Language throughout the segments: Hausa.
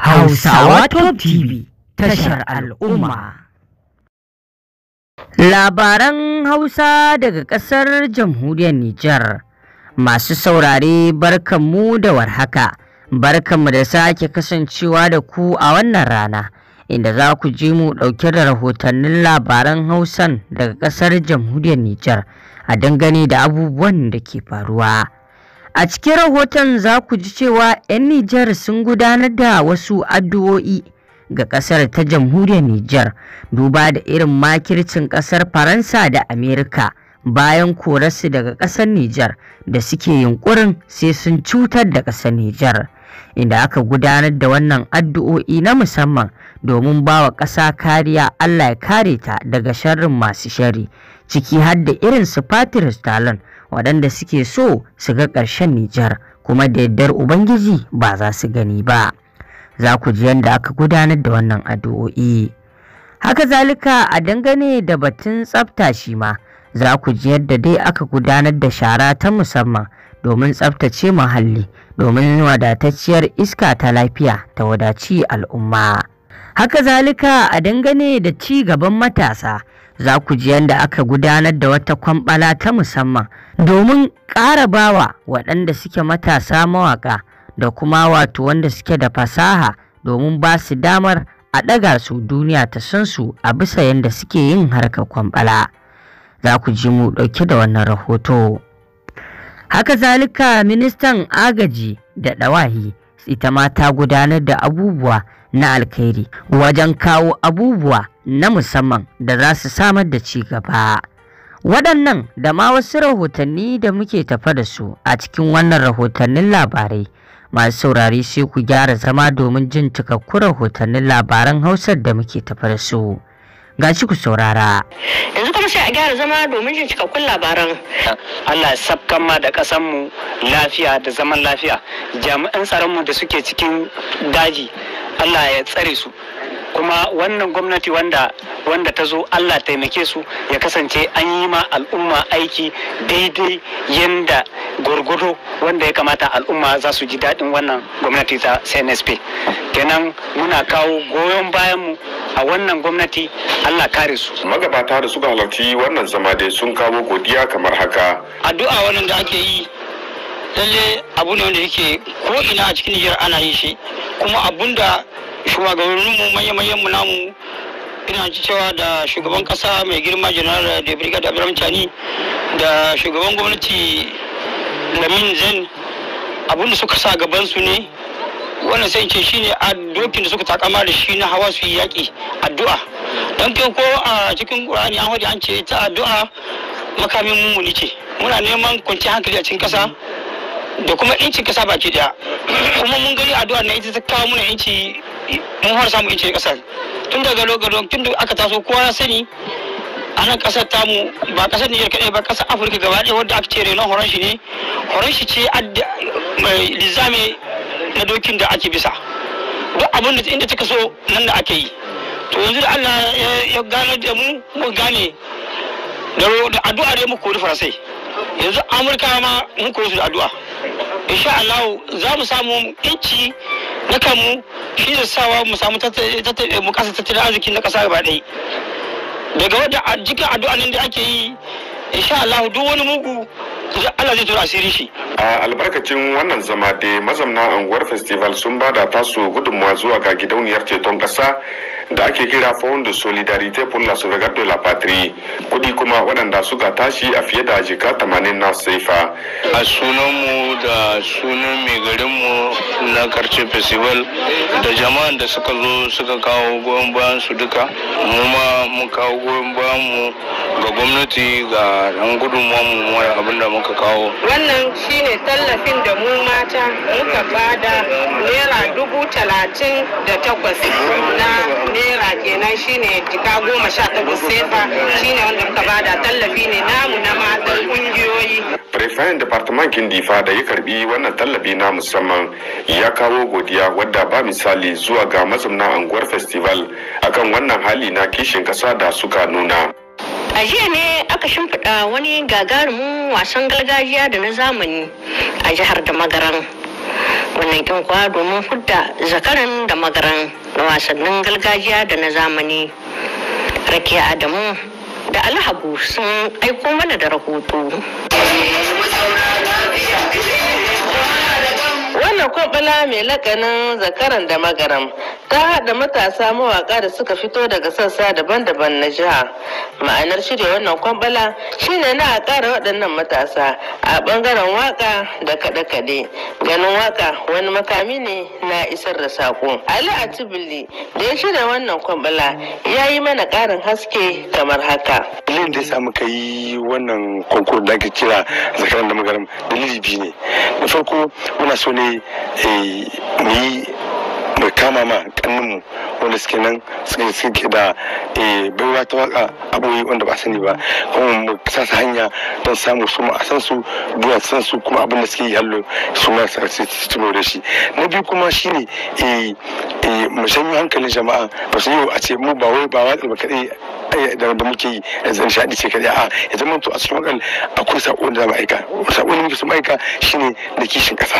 Hausawa Top TV tashar al'umma. Labaran Hausa daga ƙasar jamhuriyar Nijar. Masu saurare barkanmu da warhaka, barkanmu da sake kasancewa da ku a wannan rana, inda za ku je mu ɗauke da rahotannin labaran Hausan daga ƙasar jamhuriyar Nijar a dangane da abubuwan da ke faruwa. A cikin rahoton za ku ji cewa 'yan Nijar sun gudanar da wasu addu'o'i ga ƙasar ta jamhuriyar Nijar duba da irin makircin ƙasar Faransa da Amerika bayan korarsu daga ƙasar Nijar da suke yunƙurin sai sun cutar da ƙasar Nijar. Inda aka gudanar da wannan addu'o'i na musamman domin ba wa ƙasa kariya Allah ya kare ta daga sharrin masu shari, ciki har da irin su Patrice Talon waɗanda suke so su ga ƙarshen Nijar kuma da yardar Ubangiji ba za su gani ba. Za ku ji yadda aka gudanar da wannan addu'o'i. Haka zalika a dangane da batun tsafta shi ma za ku ji yadda dai aka gudanar da shara ta musamman domin tsaftace muhalli domin wadatacciyar iska ta lafiya ta wadaci al'umma. Haka zalika a dangane da ci gaban matasa za ku ji yadda aka gudanar da wata kwamɓala ta musamman domin ƙara bawa waɗanda suke matasa mawaƙa da kuma wato wanda suke da fasaha domin ba su damar a ɗaga su duniya ta san su a bisa yadda suke yin harkar kwamɓala. Za ku ji mu ɗauke da wannan rahoto. Haka zalika ministan agaji da ɗawahi ita ma ta gudanar da abubuwa na alkhairi wajen kawo abubuwa na musamman da za su samar da ci gaba. Waɗannan da ma wasu rahotanni da muke tafa da su a cikin wannan rahotannin labarai masu saurari sai ku gyara zama domin jin cikakkun rahotannin labaran hausar da muke tafa da su. Gashi ku saurara. Yanzu kuma sai a gyara zama domin jin cikakkun labaran. Allah sabkan ma da mu lafiya da zaman lafiya. Jami'an tsaron mu da suke cikin daji Allah ya tsare su kuma wannan gwamnati wanda wanda ta zo Allah taimake su ya kasance an yi ma al'umma aiki daidai yanda gwargwado wanda ya kamata al'umma za su ji daɗin wannan gwamnati ta CNSP kenan muna kawo goyon bayanmu a wannan gwamnati Allah kare su magabata da suka halarci wannan zama dai sun kawo godiya kamar haka addu'a wannan da ake yi lalle abu ne wanda yake ko ina a cikin nijar ana yi shi kuma abun da shugabanninmu manya-manyanmu namu ina ci cewa da shugaban kasa mai girma janar da brigade abiram tani da shugaban gwamnati lamin zen abun da suka sa su ne wannan sai ce shine dokin da suka takama da shi na hawa su yi yaƙi addu'a don kai ko a cikin ƙur'ani an an ce ta addu'a makamin mummuni ce muna neman kwanci hankali a cikin kasa da kuma inci kasa baki daya kuma mun gani addu'a na ita ta kawo mana inci mun har samu inci kasar tun daga lokacin tun da aka taso kowa ya sani a nan kasar tamu ba kasar Nijar kaɗai ba kasar Afirka gaba ɗaya wadda aka ce renon horon shi ne horon shi ce mai lizame na dokin da ake bisa duk abin da inda take so nan da ake yi to yanzu da Allah ya gano da mu mu gane da addu'a dai mu kori Faransai yanzu Amurka ma mun kori su da addu'a insha Allah za mu samu inci na kanmu shi da sawa mu samu mu kasa tattalin arziki na kasa gaba ɗaya daga wadda jikin addu'a nan da ake yi insha Allah duk wani mugu Allah zai tura asiri shi. A albarkacin wannan zama da mazamna unguwar festival sun bada tasu gudunmawa zuwa ga gidauniyar ceton ƙasa da ake kira Fond de Solidarité pour la Sauvegarde de la Patrie kudi kuma waɗanda suka tashi a fiye da jika 80 na saifa. A sunanmu da sunan mai garinmu na karce festival da jama'an da suka zo suka kawo goyon bayan su duka mu ma mu kawo goyon bayan mu ga gwamnati ga ɗan gudunmuwan mu mara abin da muka kawo. Wannan shine tallafin da mu mata muka bada naira dubu talatin da takwas na naira kenan shine jika goma sha takwas sefa shine wanda muka bada tallafi ne namu na matan kungiyoyi Rifayin Departement Kindifa da ya karbi wannan tallafi na musamman ya kawo godiya wadda ba misali zuwa ga mazauna anguwar festival akan wannan hali na kishin kasa da suka nuna. a jiya ne aka shimfiɗa wani gagarumin wasan gargajiya da na zamani a jihar da magaran wannan kyankwa domin fudda zakaran da magaran na wasannin gargajiya da na zamani rake adamu da alhabu sun aiko mana da rahoto Wannan kwabala mai lakanin zakaran da magaram ta haɗa matasa mawaƙa da suka fito daga sassa daban-daban na jiha. Ma'anar shirya wannan kwabala shine na a ƙara waɗannan matasa a ɓangaren waƙa da kaɗe-kaɗe. Ganin waƙa wani makami ne na isar da saƙo. Ali Atibili da ya shirya wannan kwabala ya yi mana ƙarin haske kamar haka. Dalilin da ya samu ka yi wannan konkur da ake kira zakaran da magaram dalili biyu ne. Na farko muna so ne mu eh, yi kama ma kanninmu wanda suke nan suke da eh, baiwa ta waka abubuwa wanda ba sani ba kuma mu sa hanya don samu su ma a san su duwa san su kuma abin da suke yi hallo su ma su da shi na biyu kuma shine eh, mu hankalin jama'a ba su yau a ce mu ba wai ba wa kaɗai Eh, da muke yi yanzu nishaɗi ce kaɗai a ya zama to a cikin wakan akwai sako da za mu aika sako da muke so mu shine da kishin ƙasa.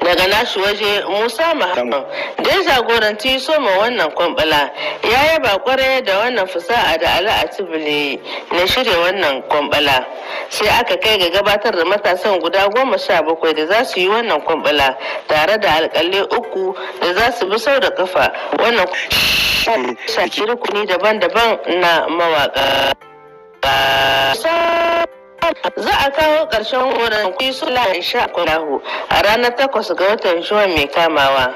daga nashi waje musa muhammad da ya jagoranci soma wannan kwambala ya yaba kwarai da wannan fasaha da ala a tibili na shirya wannan kwambala sai aka kai ga gabatar da matasan guda goma sha bakwai da za su yi wannan kwambala tare da alƙalai uku da za su bi sau da kafa wannan saki rukuni daban-daban na mawaƙa. Za a kawo ƙarshen wurin kuyi sula sha kulahu a ranar takwas ga watan shuwa mai kamawa.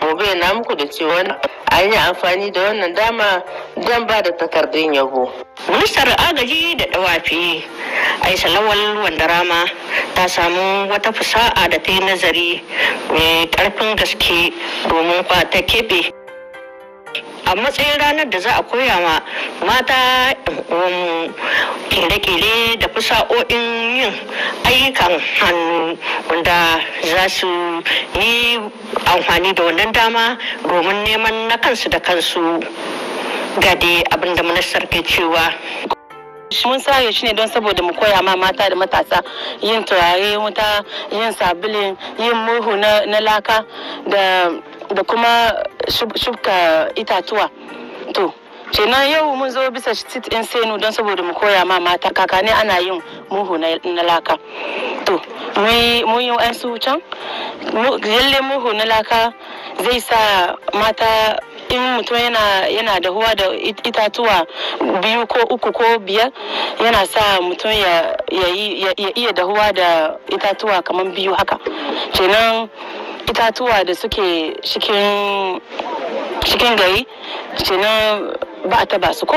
Mu na muku da cewa an yi amfani da wannan dama don ba da takardun yabo. Ministar agaji da dawafi Aisha Lawal Wandarama ta samu wata fasa'a da ta yi nazari mai ƙarfin gaske domin kwata kebe a matsayin ranar da za a koya ma mata um, kere-kere da fasa'o'in yin ayyukan hannu wanda za su yi amfani da wannan dama domin neman na kansu da kansu gade abinda ministar ke cewa mun sayo shi ne don saboda mu koya ma mata da matasa yin turare wuta yin sabulin yin murhu na laka da da kuma shubka itatuwa to kenan yau mun zo bisa sit in senu don saboda mu koya ma mata kakane ana yin muhu na laka to mun yi an su can lalle muhu na laka zai sa mata in mutum yana da huwa da itatuwa biyu ko uku ko biyar yana sa mutum ya iya da huwa da itatuwa kamar biyu haka kenan itatuwa da suke cikin gari na ba ta ba su ko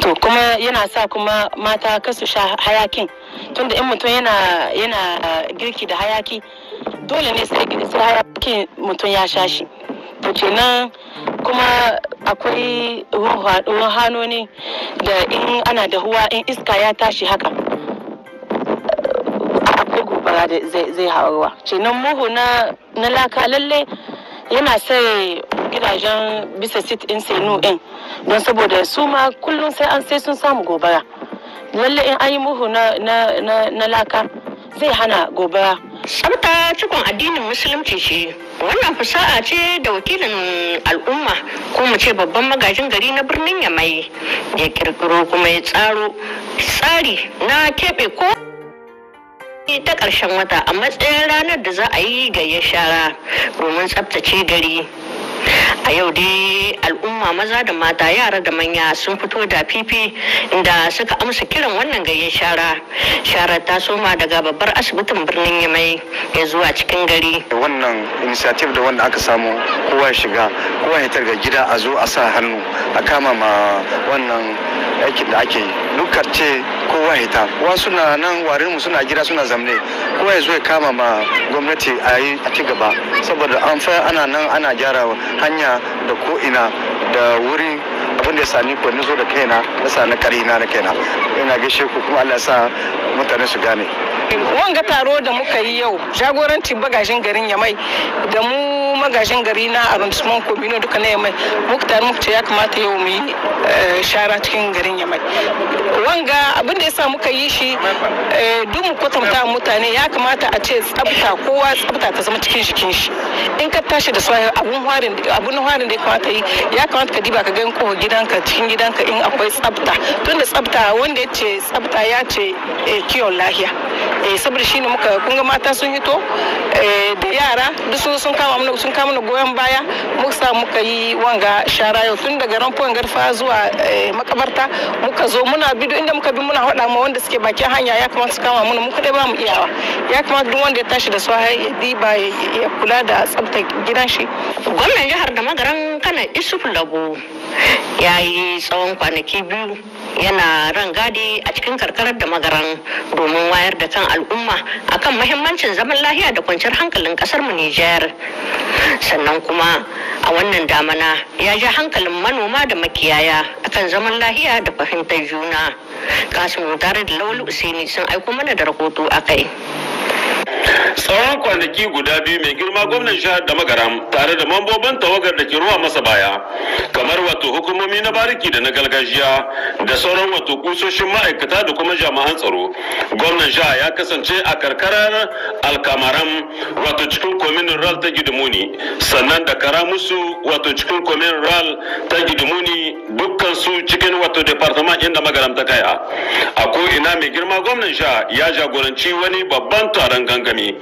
to kuma yana sa kuma mata kasu sha hayakin tunda in mutum yana yana girki da hayaki dole ne sai hayakin mutum ya sha shi to nan kuma akwai ruwan da in ana da huwa in iska ya tashi haka ba zai hau ruwa Cinan muhu na laka lalle yana sai gidajen bisa sit in senu in don saboda su ma kullum sai an sai sun samu gobara lalle in an yi muhu na laka zai hana gobara Sabta cikon addinin musulunci shi wannan fasaha ce da wakilin al'umma ko mu ce babban magajin gari na birnin yamai ya kirkiro kuma ya tsaro tsari na keɓe ko ta ƙarshen wata a matsayin ranar da za a yi gayyar shara domin tsabtace gari a yau dai al'umma maza da mata yara da manya sun fito da fifi inda suka amsa kiran wannan gayyashara shara shara ta soma daga babbar asibitin birnin yamai ya zuwa cikin gari wannan initiative da wanda aka samu kowa ya shiga kowa ya targa gida a zo a sa hannu a kama ma wannan aikin da ake yi duk karce kowa ya ta wasu na nan warin mu suna gida suna zamne kowa ya zo ya kama ma gwamnati a yi a ci gaba saboda an fa ana nan ana gyara hanya da ko ina da wuri abin da ya sami ko ni da kaina na sa na karina na kaina ina gaishe ku kuma Allah ya sa mutane su gane wanga taro da muka yi yau jagorancin bagajin garin Yamai da mu magajin gari na arrondissement komino duka na yamai muktar mukta ya kamata yau mu yi eh, shara cikin garin yamai wanga abin da yasa muka yi shi eh, duk mu kwatanta mutane ya kamata a ce tsabta kowa tsabta ta zama cikin jikin shi in ka tashi da soyayya abun harin abun harin da ya kamata yi ya kamata ka diba ka ga ko gidanka cikin gidanka in akwai tsabta da tsabta wanda ya ce tsabta ya ce eh, kiwon lahiya saboda shine muka kunga mata sun hito da yara duk sun kama mun sun sun kama na goyon baya muka muka yi wanga shara yau tun daga ramfuwan garfa zuwa eh, makabarta muka zo muna bido inda muka bi muna haɗa ma wanda suke bakin hanya ya kamata su kama muna muka dai ba mu iyawa ya kamata duk wanda ya tashi da su ya diba ya kula da tsabtar gidan shi gwamnan jihar da magaran kana isufu labo ya yi tsawon kwanaki biyu yana ran gadi a cikin karkarar da magaran domin wayar da kan al'umma akan mahimmancin zaman lahiya da kwanciyar hankalin kasar mu Nijar. Sannan kuma a wannan damana ya ja hankalin manoma da makiyaya akan zaman lahiya da fahimtar juna. kasu tare da Laulu Usaini sun aiko mana da rahoto a kai. tsawon kwanaki guda biyu mai girma gwamnan jihar da magaram tare da mambobin tawagar da ke ruwa masa baya kamar wato hukumomi na bariki da na gargajiya da sauran wato kusoshin ma'aikata da kuma jami'an tsaro gwamnan jihar ya kasance a karkarar alkamaram wato cikin kwaminin ral ta gidimuni sannan da karamusu wato cikin kwaminin ral ta gidimuni dukkan su cikin wato departament da magaram ta kaya a ko ina mai girma gwamnan jihar ya jagoranci wani babban taron gangami ne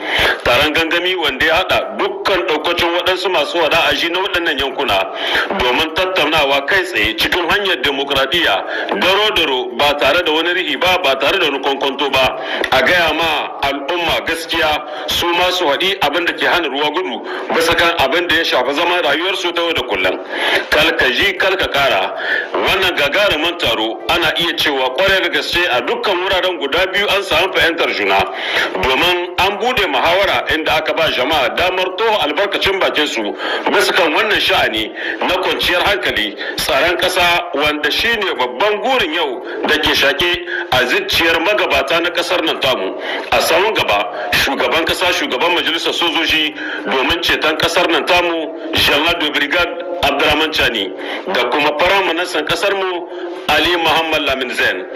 taron gangami wanda ya haɗa dukkan daukacin waɗansu masu wada aji na waɗannan yankuna domin tattaunawa kai tsaye cikin hanyar demokradiyya daro daro ba tare da wani rihi ba ba tare da wani kwankwanto ba a gaya ma al'umma gaskiya su masu waɗi abin da ke hana ruwa gudu bisa kan abin da ya shafi zaman rayuwarsu ta yau da kullum ji kalka kara wannan gagarumin taro ana iya cewa kwarai da gaske a dukkan wuraren guda biyu an samu fahimtar juna domin an bude muhawara inda aka ba jama'a damar to albarkacin bakin su bisa wannan sha'ani na kwanciyar hankali tsaron kasa wanda shine babban gurin yau da ke shake a zicciyar magabata na kasar nan tamu a samun gaba shugaban kasa shugaban majalisar sojoji domin ceton kasar nan tamu general de brigade abdurrahman chani da kuma fara ministan kasar mu ali muhammad lamin zain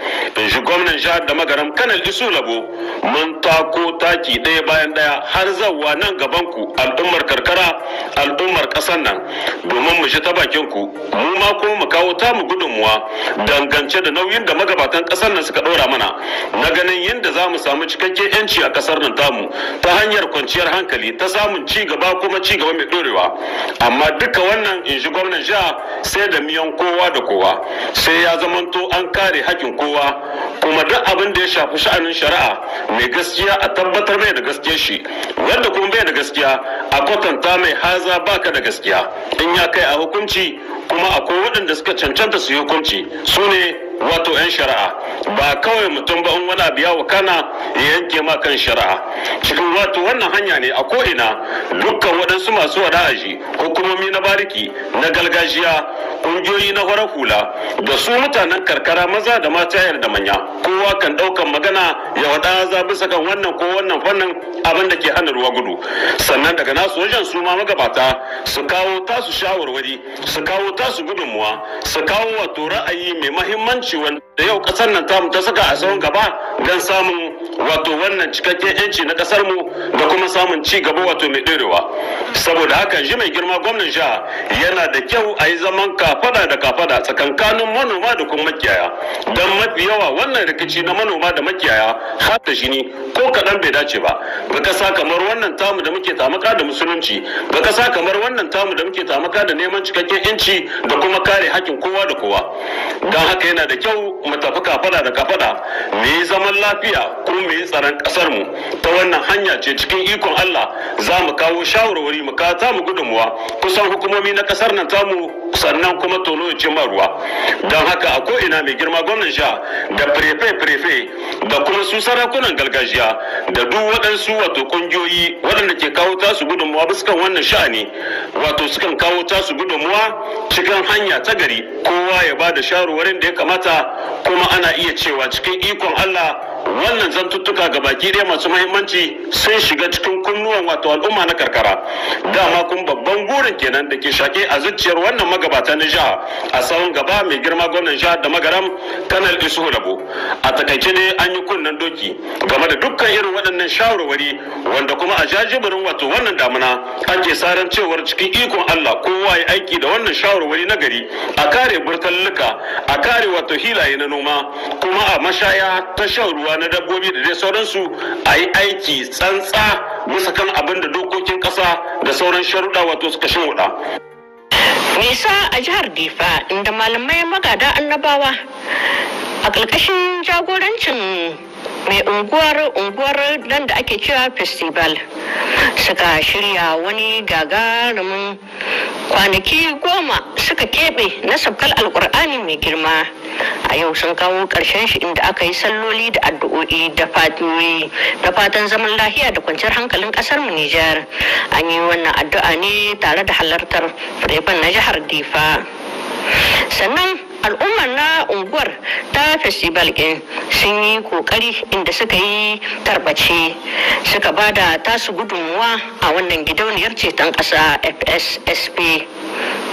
shi gwamnan jihar da magaram kanal isu labo mun tako taki ɗaya bayan ɗaya har wa nan gaban ku al'ummar karkara al'ummar ƙasar nan domin mu ji ta bakin ku mu ma kuma mu kawo ta mu gudunmuwa dangance da nauyin da magabatan ƙasar nan suka ɗora mana na ganin yadda za mu samu cikakken yanci a ƙasar nan tamu ta hanyar kwanciyar hankali ta samun ci gaba kuma ci gaba mai ɗorewa amma duka wannan in ji gwamnan jiha sai da miyan kowa da kowa sai ya zamanto an kare haƙƙin kowa kuma duk abin da ya shafi sha'anin shari'a mai gaskiya a tabbatar mai da gaskiya shi wanda kuma bai da gaskiya a kwatanta mai hazi maza baka da gaskiya in ya kai a hukunci kuma akwai waɗanda suka cancanta su yi hukunci su ne wato 'yan shari'a ba kawai mutum ba in wani abu ya kana ya yanke ma kan shari'a cikin wato wannan hanya ne a ko'ina dukkan waɗansu masu wada'aji hukumomi na bariki na gargajiya kungiyoyi na farar hula da su mutanen karkara maza da mata yar da manya kowa kan daukan magana ya wada za bisa kan wannan ko wannan fannin abin da ke hana ruwa gudu sannan daga nasu wajen su ma magabata su kawo tasu shawarwari su kawo tasu gudunmuwa su kawo wato ra'ayi mai mahimmanci wanda yau kasar nan tamu ta saka a tsawon gaba don samun wato wannan cikakken yanci na kasar mu da kuma samun ci gaba wato mai ɗorewa saboda haka shi mai girma gwamnan sha yana da kyau a yi zaman kafada da kafada tsakankanin manoma da kuma makiyaya don mafi yawa wannan rikici na manoma da makiyaya har da shi ne ko kaɗan bai dace ba ga kasa kamar wannan tamu da muke tamaka da musulunci ga kasa kamar wannan tamu da muke tamaka da neman cikakken yanci da kuma kare hakkin kowa da kowa don haka yana da kyau mu tafi kafada da kafada mu yi zaman lafiya ko. mu yi tsaron kasar mu ta wannan hanya ce cikin ikon Allah za mu kawo shawarwari mu ka ta mu gudunmuwa kusan hukumomi na kasar nan ta mu sannan kuma tono ya ce ruwa don haka a ko ina mai girma gwamnan sha da prefe prefe da kuma su sarakunan gargajiya da duk waɗansu wato kungiyoyi waɗanda ke kawo tasu gudunmuwa ba kan wannan sha'ani wato sukan kawo tasu gudunmuwa cikin hanya ta gari kowa ya ba da shawarwarin da ya kamata kuma ana iya cewa cikin ikon Allah wannan zantuttuka ga baki dai masu mahimmanci sun shiga cikin kunnuwan wato al'umma na karkara dama kun babban burin kenan da ke shake a zuciyar wannan magabata na jiha a tsawon gaba mai girma gwamnan jihar da magaram kanal isu labo a takaice ne an yi kunnan doki game da dukkan irin waɗannan shawarwari wanda kuma a jajibirin wato wannan damuna ake saran cewar cikin ikon Allah kowa ya aiki da wannan shawarwari na gari a kare burtalluka a kare wato hilaye na noma kuma a mashaya ta shan ruwa na dabbobi da dai sauransu a yi aiki tsantsa musa kan abin da dokokin ƙasa da sauran sharuɗa wato suka sharuɗa. nisa a jihar difa inda malamai magada annabawa a ƙarƙashin jagorancin mai unguwar unguwar nan da ake cewa festival suka shirya wani gagarumin kwanaki goma suka keɓe na sabkal alkur'ani mai girma a yau sun kawo ƙarshen shi inda aka yi salloli da addu'o'i da fatoyi da fatan zaman lahiya da kwanciyar hankalin ƙasar mu Nijar an yi wannan addu'a ne tare da halartar firifan na jihar Difa sannan al'ummar na unguwar ta festival ɗin sun yi kokari inda suka yi tarbace suka ba da tasu gudunmuwa a wannan gidauniyar ceton ƙasa fssp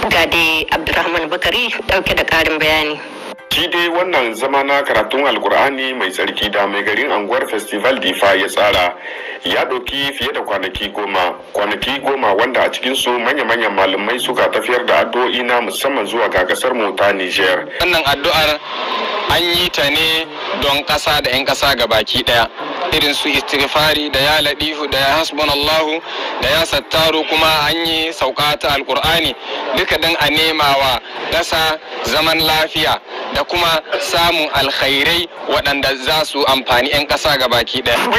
gade abdulrahman bakari ɗauke da ƙarin bayani shi dai wannan zama na karatun alkur'ani mai tsarki da mai garin anguwar festival difa ya tsara ya ɗauki fiye da kwanaki goma kwanaki goma wanda a cikin su manya-manyan malamai suka tafiyar da addu'o'i na musamman zuwa ga kasar mu ta niger wannan addu'ar an yi ta ne don ƙasa da 'yan ƙasa ga baki ɗaya irin su istighfari da ya ladihu da ya Allahu da ya sattaru kuma an yi sauka ta alkur'ani duka dan a nema wa ƙasa zaman lafiya da kuma samun alkhairai waɗanda za su amfani 'yan ƙasa ga baki ɗaya.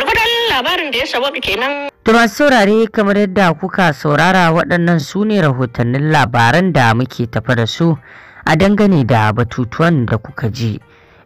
To masu saurare kamar yadda kuka saurara waɗannan su ne rahotannin labaran da muke tafa da su a dangane da batutuwan da kuka ji.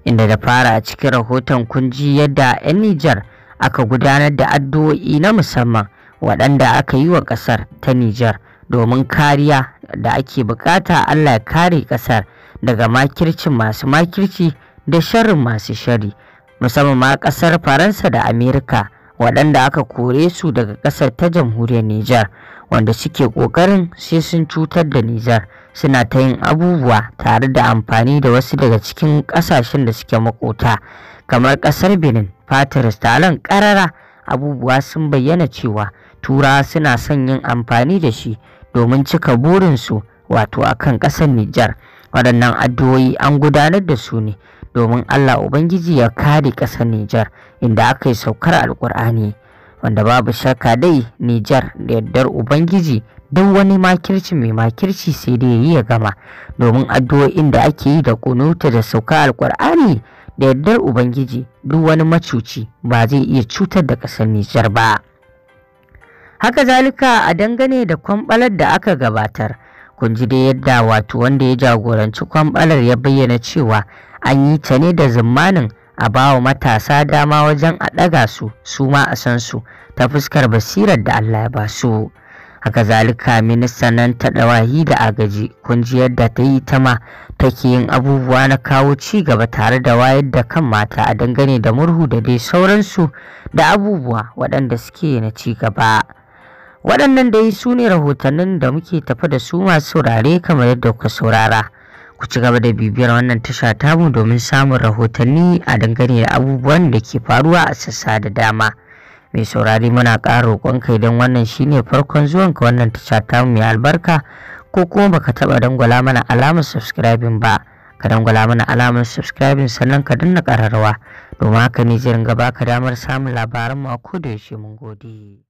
inda da fara a cikin rahoton kun ji yadda 'yan Nijar aka gudanar da addu'o'i na musamman waɗanda aka yi wa ƙasar ta Nijar domin kariya da ake bukata Allah ya kare ƙasar daga makircin masu makirci da sharrin masu shari musamman ma ƙasar Faransa da Amerika waɗanda aka kore su daga ƙasar ta jamhuriyar Nijar wanda suke ƙoƙarin sai sun cutar da Nijar suna ta yin abubuwa tare da amfani da wasu daga cikin ƙasashen da suke makota. kamar ƙasar benin patrice talan ƙarara abubuwa sun bayyana cewa turawa suna son yin amfani da shi domin cika burinsu wato akan kan ƙasar nijar waɗannan addu'o'i an gudanar da su ne domin allah ubangiji ya kare ƙasar nijar inda aka yi saukar alƙur'ani wanda babu shakka dai nijar da yardar ubangiji duk wani makirci mai makirci sai dai ya ya gama domin addu'o'in da ake yi da kunuta da sauka alƙur'ani da yardar ubangiji duk wani macuci ba zai iya cutar da ƙasar nijar ba haka zalika a dangane da kwamɓalar da aka gabatar kun ji da yadda wato wanda ya jagoranci kwamɓalar ya bayyana cewa an yi ta ne da zimmanin a ba wa matasa dama wajen a ɗaga su su ma a san su ta fuskar basirar da allah ya ba su haka zalika minista nan ta ɗawahi da agaji kun ji yadda ta yi ta ma take yin abubuwa na kawo ci gaba tare da wayar da kan mata a dangane da murhu da dai sauransu da abubuwa waɗanda suke na ci gaba waɗannan dai su ne rahotannin da muke tafa da su masu saurare kamar yadda ku saurara ku ci gaba da bibiyar wannan tasha tamu domin samun rahotanni a dangane da abubuwan da ke faruwa a sassa da dama. mai saurari muna ƙara kai idan wannan shine farkon zuwan ka wannan ta ta mai albarka ko kuma baka taɓa dangwala mana alamar subscribing ba ka dangwala mana alamar subscribing sannan ka danna ƙararrawa domin haka ne zai ringa baka damar samun labaranmu a koda yaushe mun gode